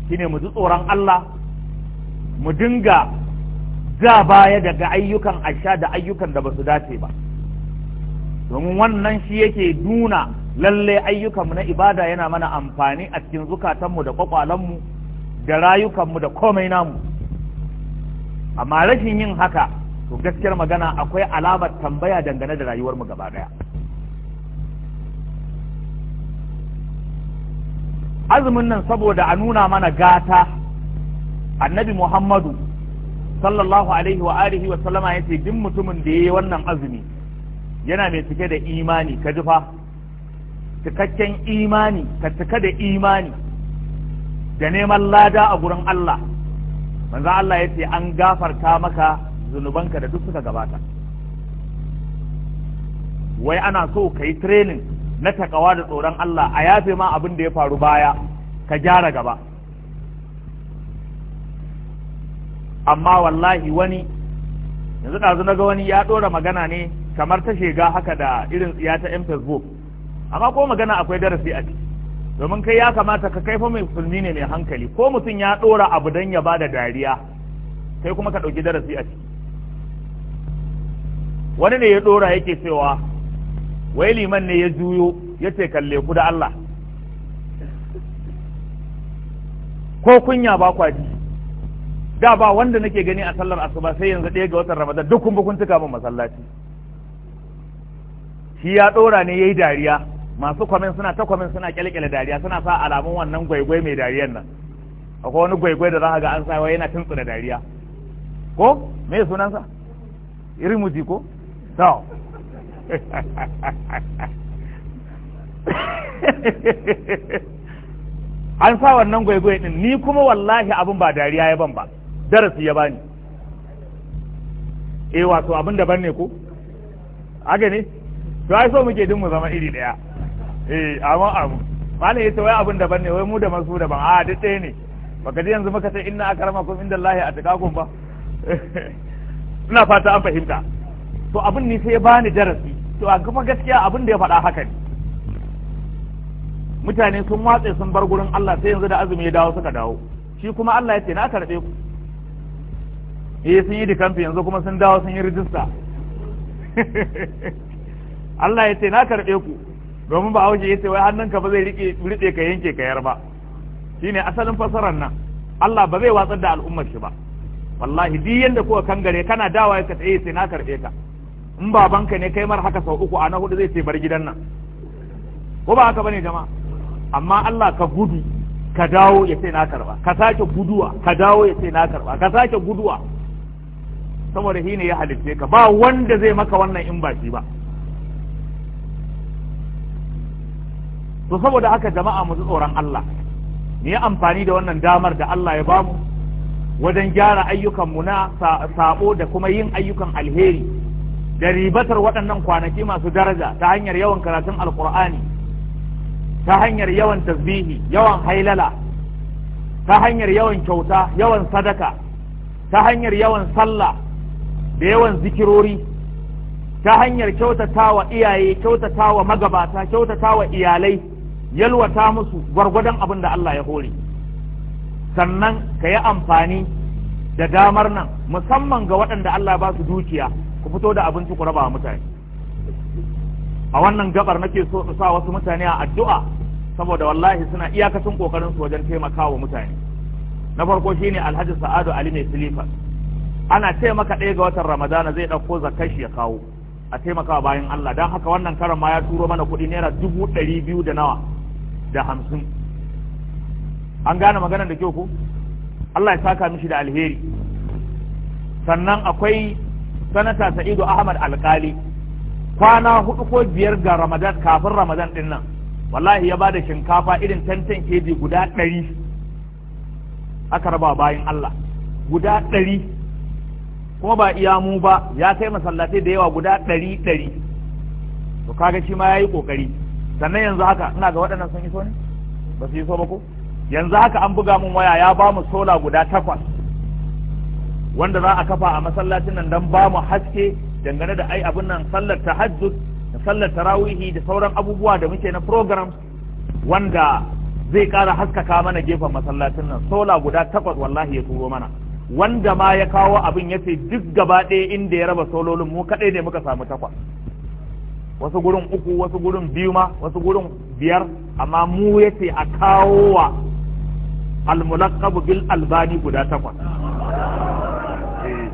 shine mu ji tsoron Allah mu dinga ja baya daga ayyukan asha da ayyukan da ba su dace ba domin wannan shi yake duna. lalle ayyukanmu na ibada yana mana amfani a cikin zukatanmu da kwakwalanmu da rayukanmu da komai namu amma rashin yin haka to gaskiyar magana akwai alamar tambaya dangane da rayuwarmu gaba daya azumin nan saboda a nuna mana gata annabi muhammadu sallallahu alaihi wa alihi wa sallama ya ce duk mutumin da ya yi wannan azumi yana mai cike da imani ka cikakken imani ka cika da imani da neman lada a gurin Allah manzo Allah ya ce an gafarta maka zunubanka da duk suka gabata wai ana so ka yi training na takawa da tsoron Allah a yafe ma abin da ya faru baya ka gyara gaba amma wallahi wani yanzu ɗazu na ga wani ya ɗora magana ne kamar ta shega haka da irin tsiya ta 'yan facebook amma ko magana akwai darasi a ciki domin kai ya kamata ka kaifa mai musulmi ne mai hankali ko mutum ya dora abu dan ya bada dariya kai kuma ka ɗauki darasi a ciki wani ne ya dora yake cewa wai liman ne ya juyo ya ce kalle ku da Allah ko kunya ba kwa da ba wanda nake gani a sallar asuba sai yanzu ɗaya ga watan ramadan duk kun kun min masallaci shi ya ɗora ne yayi dariya masu kwamin suna ta kwamin suna kyalkyale dariya suna sa alamun wannan gwaigwai mai dariyan nan akwai wani gwaigwai da za ka ga an sa yana tuntsu da dariya ko me sunansa irin muji ko to an sa wannan gwaigwai din ni kuma wallahi abin ba dariya ya ban ba darasi ya bani eh wato abin daban ne ko haka ne to ai so muke din mu zama iri daya eh amin amin malam yace wai abin daban ne wai mu da masu daban a ah, duk ɗaya ne baka ji yanzu muka ce inna akramakum indallahi atqakum ba ina fata an fahimta to abin ne sai ya bani darasi to a kuma gaskiya abin da ya faɗa haka ne mutane sun watse sun bar gurin Allah sai yanzu da azumi ya dawo suka dawo shi kuma Allah ya ce na karɓe ku eh sun yi dikamfi yanzu kuma sun dawo sun yi rijista Allah ya ce na karɓe ku domin ba ya yace wai hannunka ba zai rike rike ka yanke ka yar ba shine asalin fasarar nan Allah ba zai watsar da al'ummar shi ba wallahi duk yanda kuka gare kana dawa ka tsaye sai na karbe ka in babanka ne kai mar haka sau uku a na hudu zai ce bar gidan nan ko ba haka bane jama'a amma Allah ka gudu ka dawo ya ce na karba ka sake guduwa ka dawo ya ce na karba ka sake guduwa saboda shi ne ya halitte ka ba wanda zai maka wannan in ba shi ba to saboda haka jama'a mu tsoron Allah mu yi amfani da wannan damar da Allah ya bamu wajen gyara ayyukan mu na sabo da kuma yin ayyukan alheri da ribatar waɗannan kwanaki masu daraja ta hanyar yawan karatun alkur'ani ta hanyar yawan tasbihi yawan hailala ta hanyar yawan kyauta yawan sadaka ta hanyar yawan sallah da yawan zikirori ta hanyar kyautatawa iyaye kyautatawa magabata kyautatawa iyalai yalwata musu gwargwadon abin da Allah ya hore sannan ka yi amfani da damar nan musamman ga waɗanda Allah ba su dukiya ku fito da abinci ku raba mutane a wannan gabar nake so in sa wasu mutane a addu'a saboda wallahi suna iyakacin kokarin su wajen taimakawa mutane na farko shine Alhaji Sa'adu Ali mai silifa ana taimaka ɗaya ga watan Ramadana zai ɗauko zakashi ya kawo a taimaka bayan Allah don haka wannan karan ma ya turo mana kuɗi naira dubu ɗari biyu da nawa da hamsin an gane maganar da kyau ko Allah ya saka mishi da alheri sannan akwai sanata sa'idu ahmad alkali kwana hudu ko biyar ga ramadan kafin ramadan din nan wallahi ya da shinkafa irin tantan keji guda ɗari aka raba bayan Allah guda ɗari kuma ba iya mu ba ya kai masallatai da yawa guda ɗari ɗari to kaga shi ma ya yi ƙoƙari sannan yanzu haka ina ga waɗannan sun iso ne ba su iso ba ko yanzu haka an buga mun waya ya ba mu sola guda takwas wanda za a kafa a masallacin nan don ba mu haske dangane da ai abin nan sallar tahajjud da sallar tarawihi da sauran abubuwa da muke na program wanda zai ƙara haskaka mana gefen masallacin nan sola guda takwas wallahi ya turo mana wanda ma ya kawo abin ya ce duk gaba ɗaya inda ya raba sololin mu kaɗai ne muka samu takwas wasu gurin uku wasu gurin biyu ma wasu gurin biyar amma mu yace a kawo wa almulakabu bil albani guda takwas eh,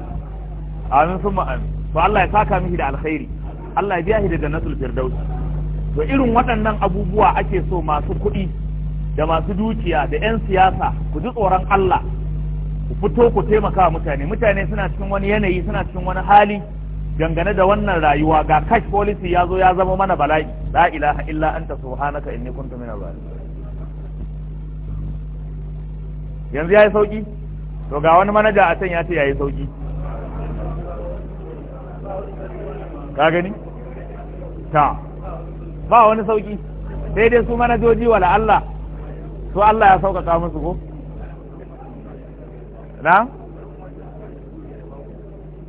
amin sun amin to Allah ya saka mihi da alkhairi Allah ya biya shi da jannatul firdaus to irin waɗannan abubuwa ake so masu kuɗi da masu dukiya da 'yan siyasa ku ji tsoron Allah ku fito ku taimaka mutane mutane suna cikin wani yanayi suna cikin wani hali dangane da wannan rayuwa ga cash policy ya zo ya zama mana bala'i la ilaha illa anta subhanaka inni kuntu minaz zalimin yanzu yayi sauki to ga wani manaja a can ya ce yayi sauki ka gani ta ba wani sauki sai dai su manajoji wala Allah su Allah ya sauƙaƙa musu ko na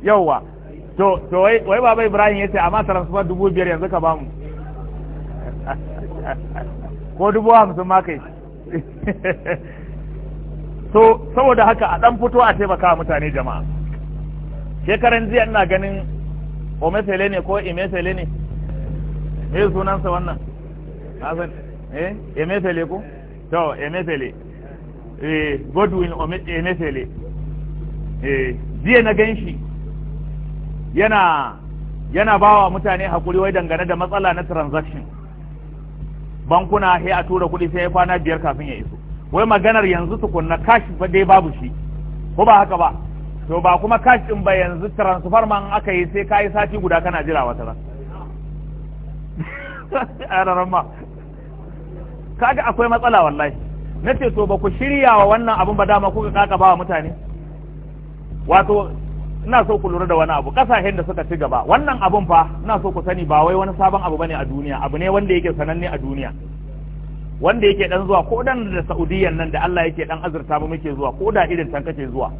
yauwa to to wai wai baba ibrahim yace amma transfer dubu biyar yanzu ka bamu ko dubu hamsin ma kai To saboda haka a dan fito a taimaka mutane jama'a shekaran jiya ina ganin omefele ne ko emefele ne me sunansa wannan hasan eh emefele ko to emefele eh godwin emefele eh jiya na gan shi yana yana bawa mutane hakuri wai dangane da matsala na transaction bankuna he a tura kuɗi sai ya kwana biyar kafin ya iso wai maganar yanzu tukunna cash ba dai babu shi ko ba haka ba to ba kuma cash din ba yanzu transfer man aka yi sai kai sati guda kana jira wata ran araran ma kaga akwai matsala wallahi nace to ba ku shirya wa wannan abun ba dama kuka kaka ba mutane wato ina so ku lura da wani abu kasashen da suka ci gaba wannan abun fa ina so ku sani ba wai wani sabon abu bane a duniya abu ne wanda yake sananne a duniya wanda yake dan zuwa ko dan da Saudiyan nan da Allah yake dan azurta mu muke zuwa ko da irin tan kake zuwa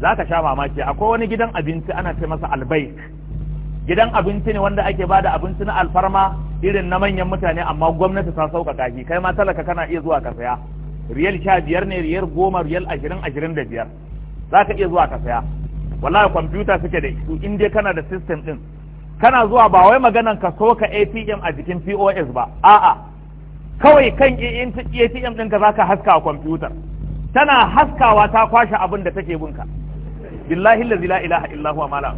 zaka sha mamaki akwai wani gidan abinci ana ce masa albayk gidan abinci ne wanda ake bada abinci na alfarma irin na manyan mutane amma gwamnati ta sauƙaƙa shi kai ma talaka kana iya zuwa ka saya riyal sha biyar ne riyal goma riyal ashirin ashirin da biyar za ka iya zuwa ka saya wallahi kwamfuta suke da su in dai kana da system din kana zuwa ba wai maganan ka soka ATM a jikin POS ba a'a kawai kan ATM ɗinka za ka haska a kwamfutar tana haskawa ta kwashe abin da take bunka billahi lazi la ilaha illa huwa mala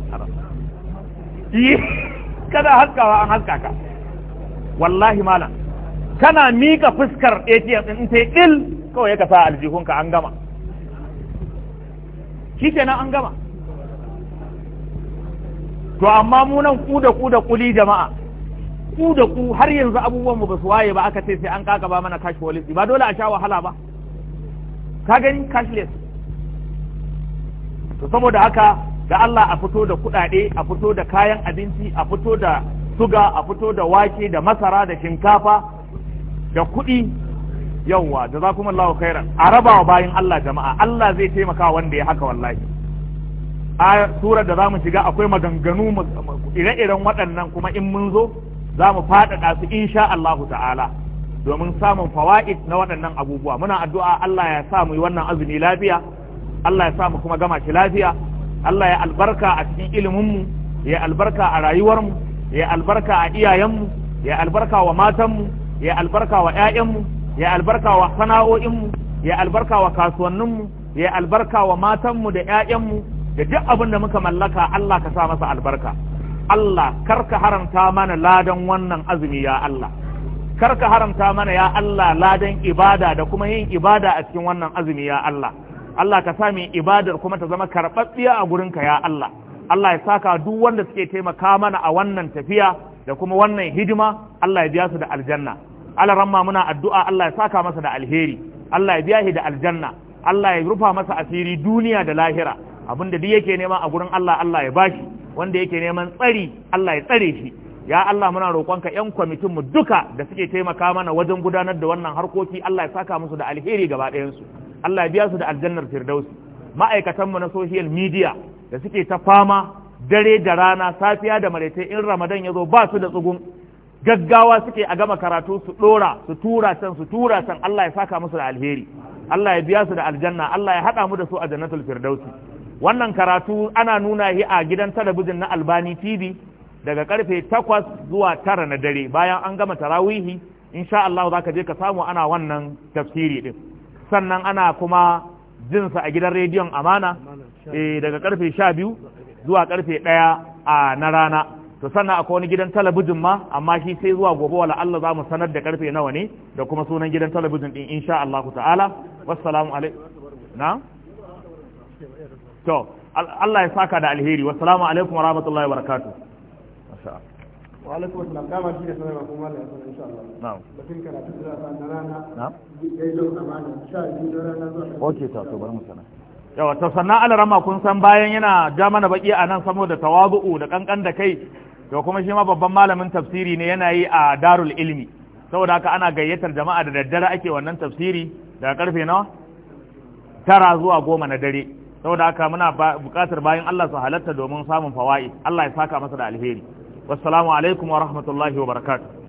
kana haskawa an haska ka wallahi malam kana mika fuskar ATM ɗin ta dil kawai ka sa aljihunka an gama shi kenan an gama to amma mu nan ku da ku da kuli jama'a ku da ku har yanzu abubuwan mu ba su waye ba aka ce sai an kaka ba mana cash policy ba dole a sha wahala ba ka gani cashless to saboda haka da Allah a fito da kuɗaɗe a fito da kayan abinci a fito da suga a fito da wake da masara da shinkafa da kuɗi yawwa da za kuma Allah khairan a raba wa bayan Allah jama'a Allah zai taimaka wanda ya haka wallahi a surar da zamu shiga akwai maganganu ire-iren waɗannan kuma in mun zo za mu faɗaɗa su insha Allahu ta'ala domin samun fawa'id na waɗannan abubuwa muna addu'a Allah ya sa mu yi wannan azumi lafiya Allah ya sa mu kuma gama shi lafiya Allah ya albarka a cikin ilimin mu ya albarka a rayuwar mu ya albarka a iyayenmu ya albarka wa matanmu ya albarka wa 'ya'yanmu ya albarka wa sana'o'in mu ya albarka wa kasuwanninmu ya albarka wa matanmu da 'ya'yanmu. da duk abin da muka mallaka Allah ka sa masa albarka Allah karka haramta mana ladan wannan azumi ya Allah karka haramta mana ya Allah ladan ibada da kuma yin ibada a cikin wannan azumi ya Allah Allah ka sa mu ibadar kuma ta zama karɓaɓɓiya a gurinka ya Allah Allah ya saka duk wanda suke taimaka mana a wannan tafiya da kuma wannan hidima Allah ya biya su da aljanna Allah ramma muna addu'a Allah ya saka masa da alheri Allah ya biya shi da aljanna Allah ya rufa masa asiri duniya da lahira abin da duk yake nema a gurin Allah Allah ya bashi wanda yake neman tsari Allah ya tsare shi ya Allah muna roƙonka ƴan kwamitin mu duka da suke taimaka mana wajen gudanar da wannan harkoki Allah ya saka musu da alheri gaba ɗayan su Allah ya biya su da aljannar firdausi ma'aikatan mu na social media da suke ta fama dare da rana safiya da maraice in Ramadan ya zo ba su da tsugun gaggawa suke a gama karatu su ɗora su tura can su tura can Allah ya saka musu da alheri Allah ya biya su da aljanna Allah ya haɗa mu da su a jannatul firdausi wannan karatu ana nuna shi a gidan talabijin na albani tv daga karfe 8 zuwa 9 na dare bayan an gama tarawihi insha Allah za ka je ka samu ana wannan tafsiri din sannan ana kuma jinsa a gidan rediyon amana e, daga karfe 12 zuwa karfe 1 a na rana to sannan akwai wani gidan talabijin ma amma shi sai zuwa gobe wala Allah za mu sanar da karfe nawa ne da kuma sunan gidan talabijin din insha Allah ta'ala wassalamu alaikum na to Allah ya saka da alheri wa salamu alaikum wa rahmatullahi wa barakatuh masha wa alaikum assalam dama shi da sanarwa kuma Allah ya sanar insha Allah na'am batun karatu da sa na rana na'am dai zo amana insha Allah rana zo okay to to bari mu sanar yawa to sannan alarama kun san bayan yana ja mana baki a nan da tawabu'u da kankan da kai to kuma shi ma babban malamin tafsiri ne yana yi a darul ilmi saboda haka ana gayyatar jama'a da daddare ake wannan tafsiri daga karfe nawa tara zuwa goma na dare saboda haka muna bukatar bayan Allah su halatta domin samun fawaid Allah ya saka masa da alheri wassalamu alaikum wa rahmatullahi wa barakatuh